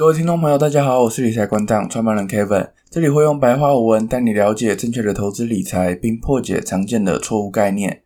各位聽眾朋友，大家好，我是理財館長創辦人 Kevin，這裡會用白話文帶你了解正確的投資理財，並破解常見的錯誤概念。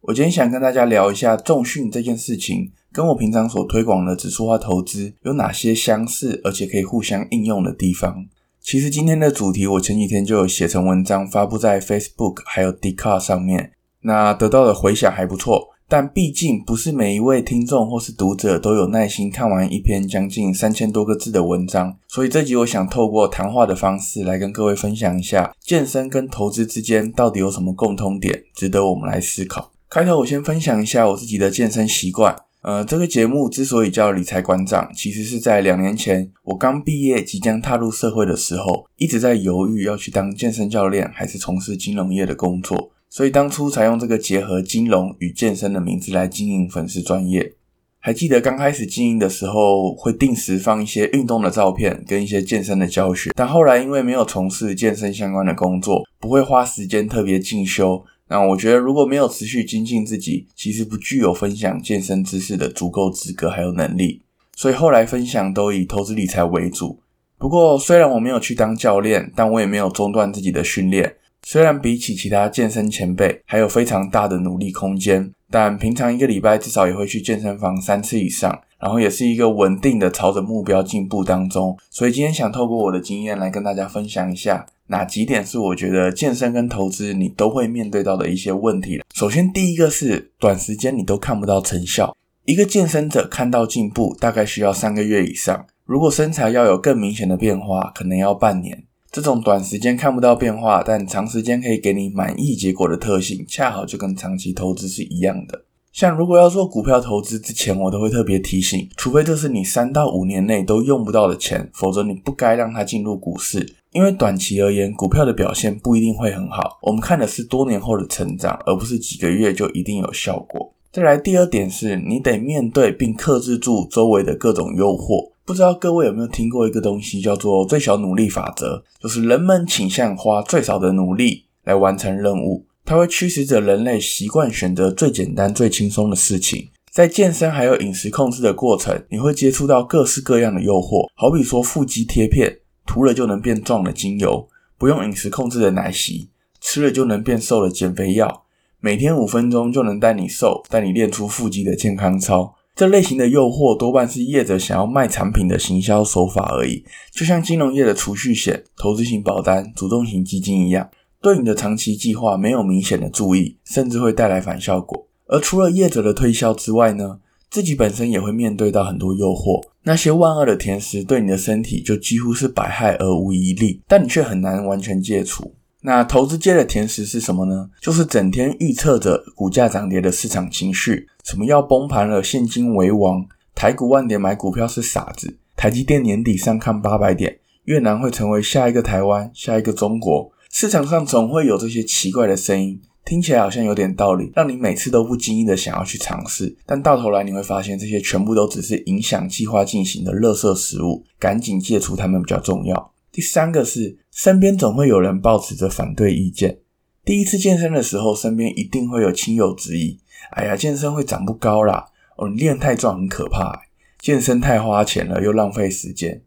我今天想跟大家聊一下重訓這件事情，跟我平常所推廣的指數化投資有哪些相似，而且可以互相應用的地方。其實今天的主題，我前幾天就有寫成文章，發布在 Facebook 還有 Discord 上面，那得到的回響還不錯。但畢竟不是每一位聽眾或是讀者都有耐心看完一篇將近三千多個字的文章，所以這集我想透過談話的方式來跟各位分享一下健身跟投資之間到底有什麼共通點，值得我們來思考。開頭我先分享一下我自己的健身習慣。呃，這個節目之所以叫理財館長，其實是在兩年前我剛畢業即將踏入社會的時候，一直在猶豫要去當健身教練還是從事金融業的工作。所以當初才用這個結合金融與健身的名字來經營粉絲專業。還記得剛開始經營的時候，會定時放一些運動的照片跟一些健身的教學。但後來因為沒有從事健身相關的工作，不會花時間特別進修。那我覺得如果沒有持續精進自己，其實不具有分享健身知識的足夠資格還有能力。所以後來分享都以投資理財為主。不過雖然我沒有去當教練，但我也沒有中斷自己的訓練。雖然比起其他健身前輩還有非常大的努力空間，但平常一個禮拜至少也會去健身房三次以上，然後也是一個穩定的朝着目標進步當中。所以今天想透過我的經驗來跟大家分享一下哪幾點是我覺得健身跟投資你都會面對到的一些問題了。首先第一個是短時間你都看不到成效，一個健身者看到進步大概需要三個月以上，如果身材要有更明顯的變化，可能要半年。這種短時間看不到變化，但長時間可以給你滿意結果的特性，恰好就跟長期投資是一樣的。像如果要做股票投資之前，我都會特別提醒，除非這是你三到五年內都用不到的錢，否則你不該讓它進入股市。因為短期而言，股票的表現不一定會很好。我們看的是多年後的成長，而不是幾個月就一定有效果。再來第二點是你得面對並克制住周圍的各種誘惑。不知道各位有沒有聽過一個東西叫做“最小努力法則”，就是人們傾向花最少的努力來完成任務。它會驅使着人類習慣選擇最簡單、最輕鬆的事情。在健身還有飲食控制的過程，你會接觸到各式各樣的誘惑，好比說腹肌貼片、塗了就能變壯的精油、不用飲食控制的奶昔、吃了就能變瘦的減肥藥。每天五分鐘就能帶你瘦，帶你練出腹肌的健康操，這類型的誘惑多半是業者想要賣產品的行銷手法而已。就像金融業的儲蓄險、投資型保單、主動型基金一樣，對你的長期計劃沒有明顯的注意，甚至會帶來反效果。而除了業者的推銷之外呢，自己本身也會面對到很多誘惑，那些萬惡的甜食對你的身體就幾乎是百害而無一利，但你卻很難完全戒除。那投資界的甜食是什麼呢？就是整天預測着股價漲跌的市場情緒。什麼要崩盤了？現金為王，台股萬點買股票是傻子。台積電年底上看八百點。越南會成為下一個台灣，下一個中國。市場上總會有這些奇怪的聲音，聽起來好像有點道理，讓你每次都不經意的想要去嘗試。但到頭來你會發現，這些全部都只是影響計劃進行的垃圾食物，趕緊戒除它們比較重要。第三個是，身邊總會有人抱持着反對意見。第一次健身的時候，身邊一定會有親友質疑：“哎呀，健身會長不高啦！哦，你練太壯很可怕，健身太花錢了，又浪費時間。”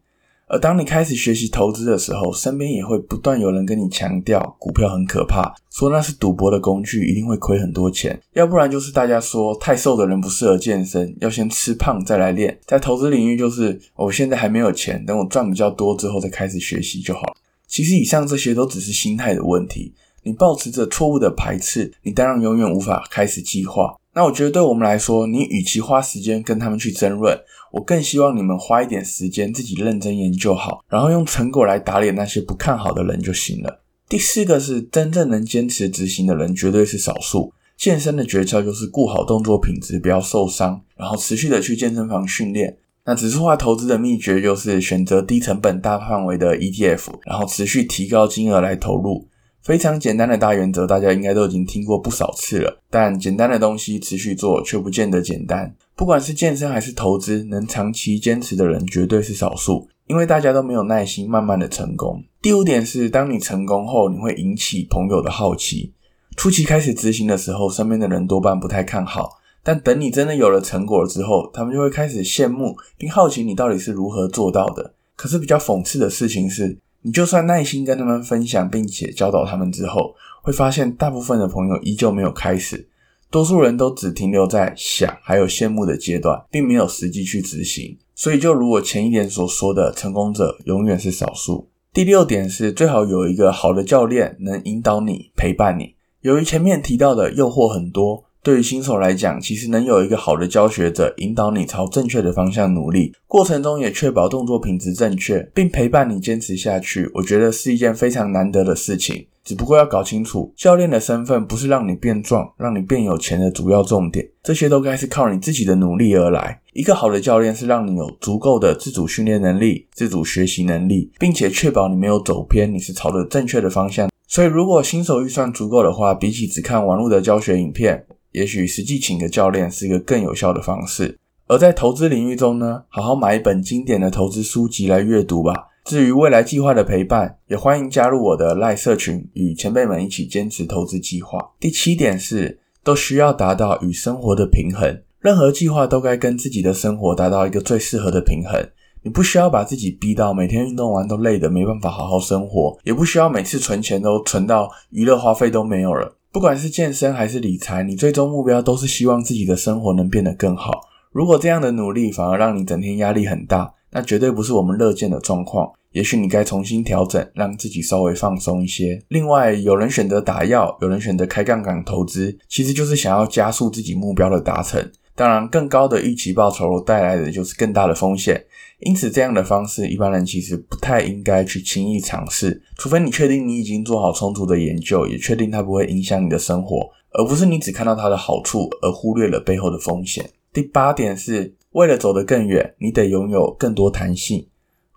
而當你開始學習投資的時候，身邊也會不斷有人跟你強調股票很可怕，說那是賭博的工具，一定會虧很多錢；要不然就是大家說太瘦的人不適合健身，要先吃胖再來練。在投資領域，就是我現在還沒有錢，等我賺比較多之後再開始學習就好。其實以上這些都只是心態的問題，你抱持着錯誤的排斥，你當然永遠無法開始計劃。那我覺得對我們來說，你與其花時間跟他們去爭論，我更希望你們花一點時間自己認真研究好，然後用成果來打臉那些不看好的人就行了。第四個是真正能堅持執行的人絕對是少數。健身的訣竅就是顧好動作品質，不要受傷，然後持續的去健身房訓練。那指數化投資的秘訣就是選擇低成本大範圍的 ETF，然後持續提高金額來投入。非常簡單的大原則，大家應該都已經聽過不少次了。但簡單的東西持續做，卻不見得簡單。不管是健身還是投資，能長期堅持的人絕對是少數，因為大家都沒有耐心，慢慢的成功。第五點是，當你成功後，你會引起朋友的好奇。初期開始執行的時候，身邊的人多半不太看好，但等你真的有了成果之後，他們就會開始羨慕並好奇你到底是如何做到的。可是比較諷刺的事情是，你就算耐心跟他們分享，並且教導他們之後，會發現大部分的朋友依舊沒有開始，多數人都只停留在想還有羨慕的階段，並沒有實際去執行。所以，就如我前一點所說的，成功者永遠是少數。第六點是最好有一個好的教練，能引導你、陪伴你。由於前面提到的誘惑很多，對於新手來講，其實能有一個好的教學者引導你朝正確的方向努力，過程中也確保動作品質正確，並陪伴你堅持下去，我覺得是一件非常難得的事情。只不過要搞清楚，教練的身份不是讓你變壯、讓你變有錢的主要重點，這些都該是靠你自己的努力而來。一個好的教練是讓你有足夠的自主訓練能力、自主學習能力，並且確保你沒有走偏，你是朝着正確的方向。所以如果新手預算足夠的話，比起只看網絡的教學影片，也許實際請個教練是一個更有效的方式。而在投資領域中呢，好好買一本經典的投資書籍來閱讀吧。至於未來計劃的陪伴，也歡迎加入我的賴社群，與前輩們一起堅持投資計劃。第七點是，都需要達到與生活的平衡。任何計劃都該跟自己的生活達到一個最適合的平衡。你不需要把自己逼到每天運動完都累得沒辦法好好生活，也不需要每次存錢都存到娛樂花費都沒有了。不管是健身還是理財，你最終目標都是希望自己的生活能變得更好。如果這樣的努力反而讓你整天壓力很大，那絕對不是我們樂見的狀況。也許你該重新調整，讓自己稍微放鬆一些。另外，有人選擇打藥，有人選擇開槓桿投資，其實就是想要加速自己目標的達成。當然，更高的預期報酬帶來的就是更大的風險。因此，這樣的方式一般人其實不太應該去輕易嘗試，除非你確定你已經做好充足的研究，也確定它不會影響你的生活，而不是你只看到它的好處而忽略了背後的風險。第八點是為了走得更遠，你得擁有更多彈性。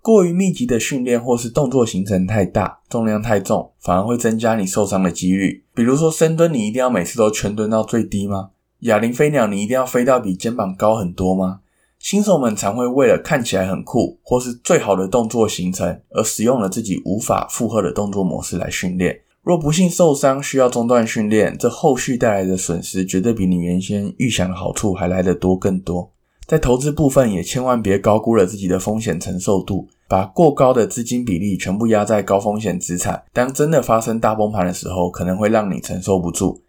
過於密集的訓練或是動作行程太大、重量太重，反而會增加你受傷的幾率。比如說，深蹲你一定要每次都全蹲到最低嗎？啞鈴飛鳥你一定要飛到比肩膀高很多嗎？新手們常會為了看起來很酷或是最好的動作形成，而使用了自己無法負荷的動作模式來訓練。若不幸受傷，需要中斷訓練，這後續帶來的損失絕對比你原先預想的好處還來得多更多。在投資部分，也千萬別高估了自己的風險承受度，把過高的資金比例全部壓在高風險資產。當真的發生大崩盤的時候，可能會讓你承受不住。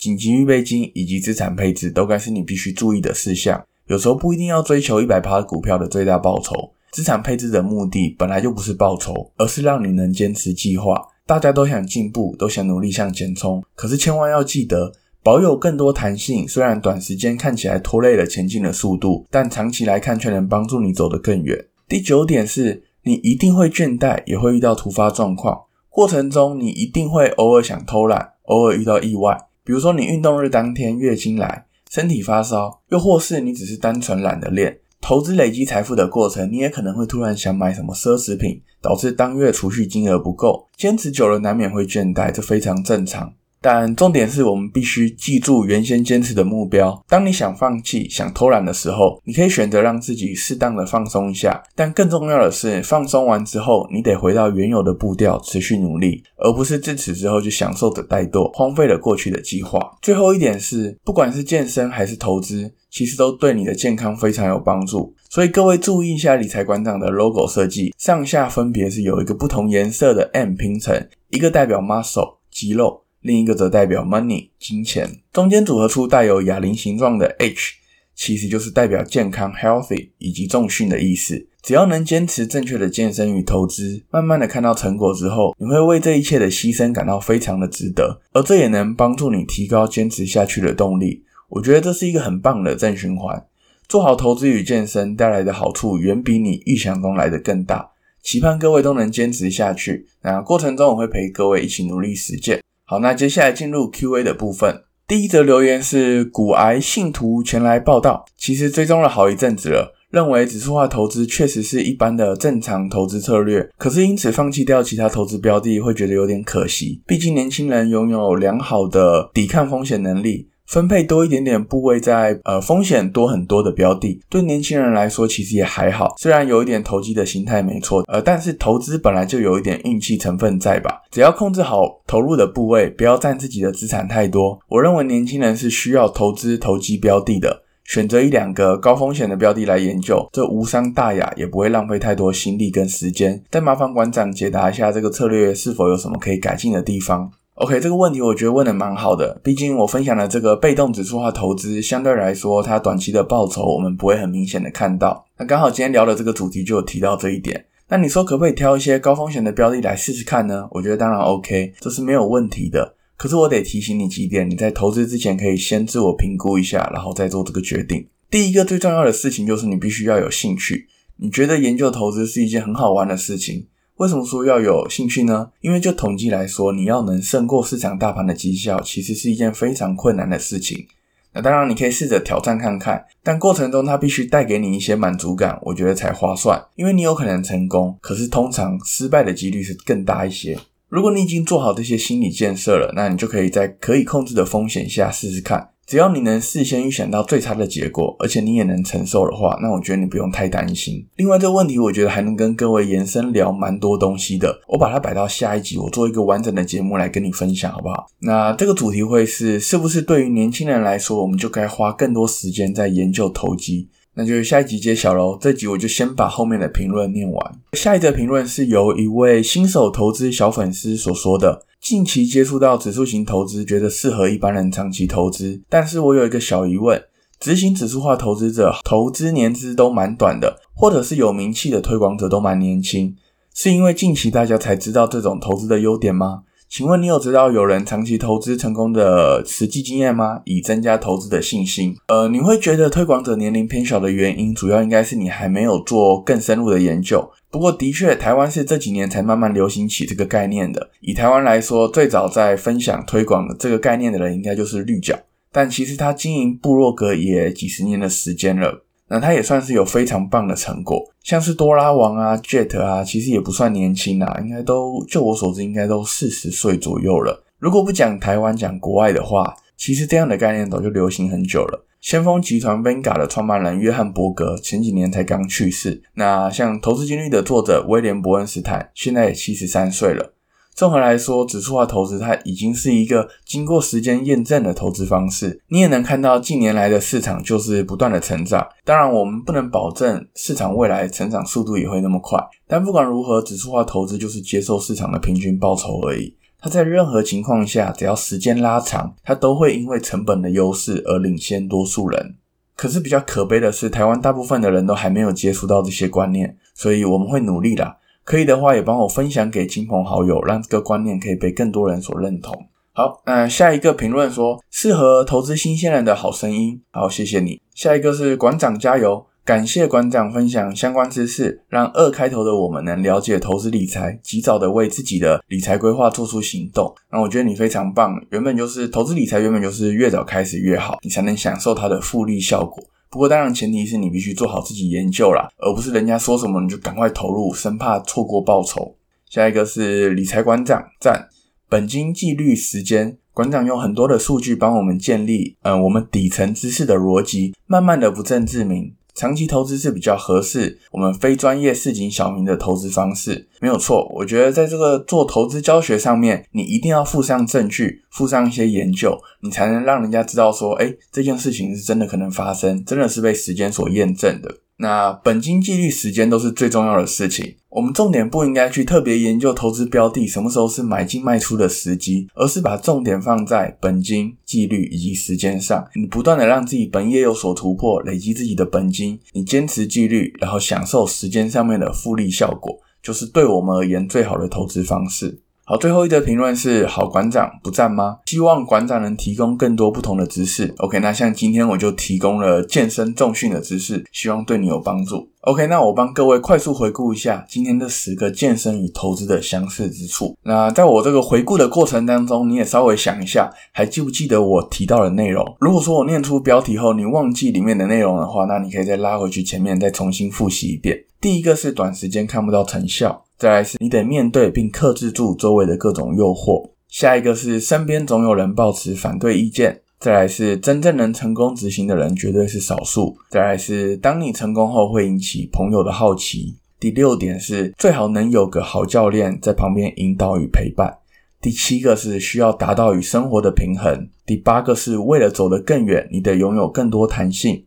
緊急預備金以及資產配置都該是你必須注意的事項。有時候不一定要追求一百趴股票的最大報酬，資產配置的目的本來就不是報酬，而是讓你能堅持計劃。大家都想進步，都想努力向前衝，可是千萬要記得保有更多彈性。雖然短時間看起來拖累了前進的速度，但長期來看卻能幫助你走得更遠。第九點是你一定會倦怠，也會遇到突發狀況，過程中你一定會偶爾想偷懶，偶爾遇到意外，比如說你運動日當天月經來。身體發燒，又或是你只是單純懶得練，投資累積財富的過程，你也可能會突然想買什麼奢侈品，導致當月儲蓄金額不夠，堅持久了難免會倦怠，這非常正常。但重點是我們必須記住原先堅持的目標。當你想放棄、想偷懶的時候，你可以選擇讓自己適當的放鬆一下。但更重要的是，放鬆完之後，你得回到原有的步調，持續努力，而不是自此之後就享受着怠惰，荒廢了過去的計劃。最後一點是，不管是健身還是投資，其實都對你的健康非常有幫助。所以各位注意一下理財館長的 logo 設計，上下分別是有一個不同顏色的 M 拼成，一個代表 muscle 肌肉。另一個則代表 money 金錢，中間組合出帶有啞鈴形狀的 H，其實就是代表健康 healthy 以及重訓的意思。只要能堅持正確的健身與投資，慢慢的看到成果之後，你會為這一切的犧牲感到非常的值得，而這也能幫助你提高堅持下去的動力。我覺得這是一個很棒的正循環。做好投資與健身帶來的好處，遠比你預想中來得更大。期盼各位都能堅持下去，那過程中我會陪各位一起努力實踐。好，那接下來進入 QA 的部分。第一則留言是股癌信徒前來報道，其實追蹤了好一陣子了，認為指數化投資確實是一般的正常投資策略，可是因此放棄掉其他投資標的，會覺得有點可惜。畢竟年輕人擁有良好的抵抗風險能力。分配多一點點部位在呃風險多很多的標的，對年輕人來說其實也還好，雖然有一點投機的心態沒錯，呃，但是投資本來就有一點運氣成分在吧，只要控制好投入的部位，不要占自己的資產太多。我認為年輕人是需要投資投機標的，選擇一兩個高風險的標的來研究，這無傷大雅，也不會浪費太多心力跟時間。但麻煩館長解答一下，這個策略是否有什麼可以改進的地方？OK，這個問題我覺得問的蠻好的。畢竟我分享的這個被動指數化投資，相對來說，它短期的報酬我們不會很明顯的看到。那剛好今天聊的這個主題就有提到這一點。那你說可不可以挑一些高風險的標的來試試看呢？我覺得當然 OK，這是沒有問題的。可是我得提醒你幾點，你在投資之前可以先自我評估一下，然後再做這個決定。第一個最重要的事情就是你必須要有興趣。你覺得研究投資是一件很好玩的事情。為什麼說要有興趣呢？因為就統計來說，你要能勝過市場大盤的績效，其實是一件非常困難的事情。那當然，你可以試着挑戰看看，但過程中它必須帶給你一些滿足感，我覺得才划算。因為你有可能成功，可是通常失敗的幾率是更大一些。如果你已經做好這些心理建設了，那你就可以在可以控制的風險下試試看。只要你能事先預想到最差的結果，而且你也能承受的話，那我覺得你不用太擔心。另外，這個問題我覺得還能跟各位延伸聊蠻多東西的，我把它擺到下一集，我做一個完整的節目來跟你分享，好不好？那這個主題會是，是不是對於年輕人來說，我們就該花更多時間在研究投機？那就是下一集揭曉嘍。這集我就先把後面的評論念完。下一則評論是由一位新手投資小粉絲所說的。近期接觸到指數型投資，覺得適合一般人長期投資。但是我有一個小疑問，執行指數化投資者投資年資都蠻短的，或者是有名氣的推廣者都蠻年輕，是因為近期大家才知道這種投資的優點嗎？請問你有知道有人長期投資成功的實際經驗嗎？以增加投資的信心。呃，你會覺得推廣者年齡偏小的原因，主要應該是你還沒有做更深入的研究。不過，的確，台灣是這幾年才慢慢流行起這個概念的。以台灣來說，最早在分享推廣的這個概念的人，應該就是綠角。但其實他經營部落格也幾十年的時間了。那他也算是有非常棒的成果，像是多拉王啊、Jet 啊，其實也不算年輕啊，應該都就我所知，應該都四十歲左右了。如果不講台灣，講國外的話，其實這樣的概念早就流行很久了。先鋒集團 Vanguard 的創辦人約翰伯格前幾年才剛去世，那像投資金律的作者威廉伯恩斯坦，現在也七十三歲了。綜合來說，指數化投資它已經是一個經過時間驗證的投資方式。你也能看到近年來的市場就是不斷的成長。當然，我們不能保證市場未來成長速度也會那麼快。但不管如何，指數化投資就是接受市場的平均報酬而已。它在任何情況下，只要時間拉長，它都會因為成本的優勢而領先多數人。可是比較可悲的是，台灣大部分的人都還沒有接觸到這些觀念，所以我們會努力啦。可以的話，也幫我分享給親朋好友，讓這個觀念可以被更多人所認同。好，那下一個評論說，適合投資新鮮人的好聲音，好，謝謝你。下一個是館長加油，感謝館長分享相關知識，讓二開頭的我們能了解投資理財，及早的為自己的理財規劃做出行動。那我覺得你非常棒，原本就是投資理財，原本就是越早開始越好，你才能享受它的複利效果。不過，當然前提是你必須做好自己研究啦，而不是人家說什麼你就趕快投入，生怕錯過報酬。下一個是理財館長站本金紀律時間，館長用很多的數據幫我們建立，嗯，我們底層知識的邏輯，慢慢的不證自明。長期投資是比較合適我們非專業市井小民的投資方式，沒有錯。我覺得在這個做投資教學上面，你一定要附上證據，附上一些研究，你才能讓人家知道說，哎，這件事情是真的可能發生，真的是被時間所驗證的。那本金、紀律、時間都是最重要的事情。我們重點不應該去特別研究投資標的什麼時候是買進賣出的時機，而是把重點放在本金、紀律以及時間上。你不斷的讓自己本業有所突破，累積自己的本金，你堅持紀律，然後享受時間上面的複利效果，就是對我們而言最好的投資方式。好，最後一則評論是：好館長不讚嗎？希望館長能提供更多不同的知識。OK，那像今天我就提供了健身重訓的知識，希望對你有幫助。OK，那我幫各位快速回顧一下今天這十個健身與投資的相似之處。那在我這個回顧的過程當中，你也稍微想一下，還記不記得我提到的內容？如果說我念出標題後你忘記裡面的內容的話，那你可以再拉回去前面再重新複習一遍。第一個是短時間看不到成效，再來是你得面對並克制住周圍的各種誘惑。下一個是身邊總有人抱持反對意見。再來是真正能成功執行的人絕對是少數。再來是當你成功後會引起朋友的好奇。第六點是最好能有個好教練在旁邊引導與陪伴。第七個是需要達到與生活的平衡。第八個是為了走得更遠，你得擁有更多彈性。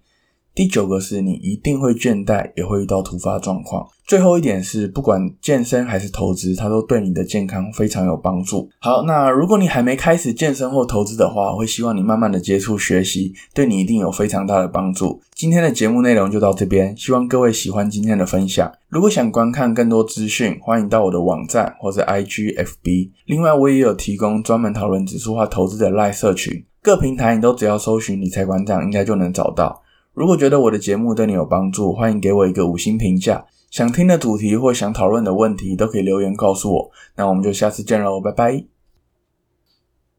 第九個是你一定會倦怠，也會遇到突發狀況。最後一點是，不管健身還是投資，它都對你的健康非常有幫助。好，那如果你還沒開始健身或投資的話，我會希望你慢慢的接觸學習，對你一定有非常大的幫助。今天的節目內容就到這邊，希望各位喜歡今天的分享。如果想觀看更多資訊，歡迎到我的網站或者 IGFB。另外，我也有提供專門討論指數化投資的 LINE 社群，各平台你都只要搜尋理財館長，應該就能找到。如果覺得我的節目對你有幫助，歡迎給我一個五星評價。想聽的主題或想討論的問題，都可以留言告訴我。那我們就下次見嘍，拜拜。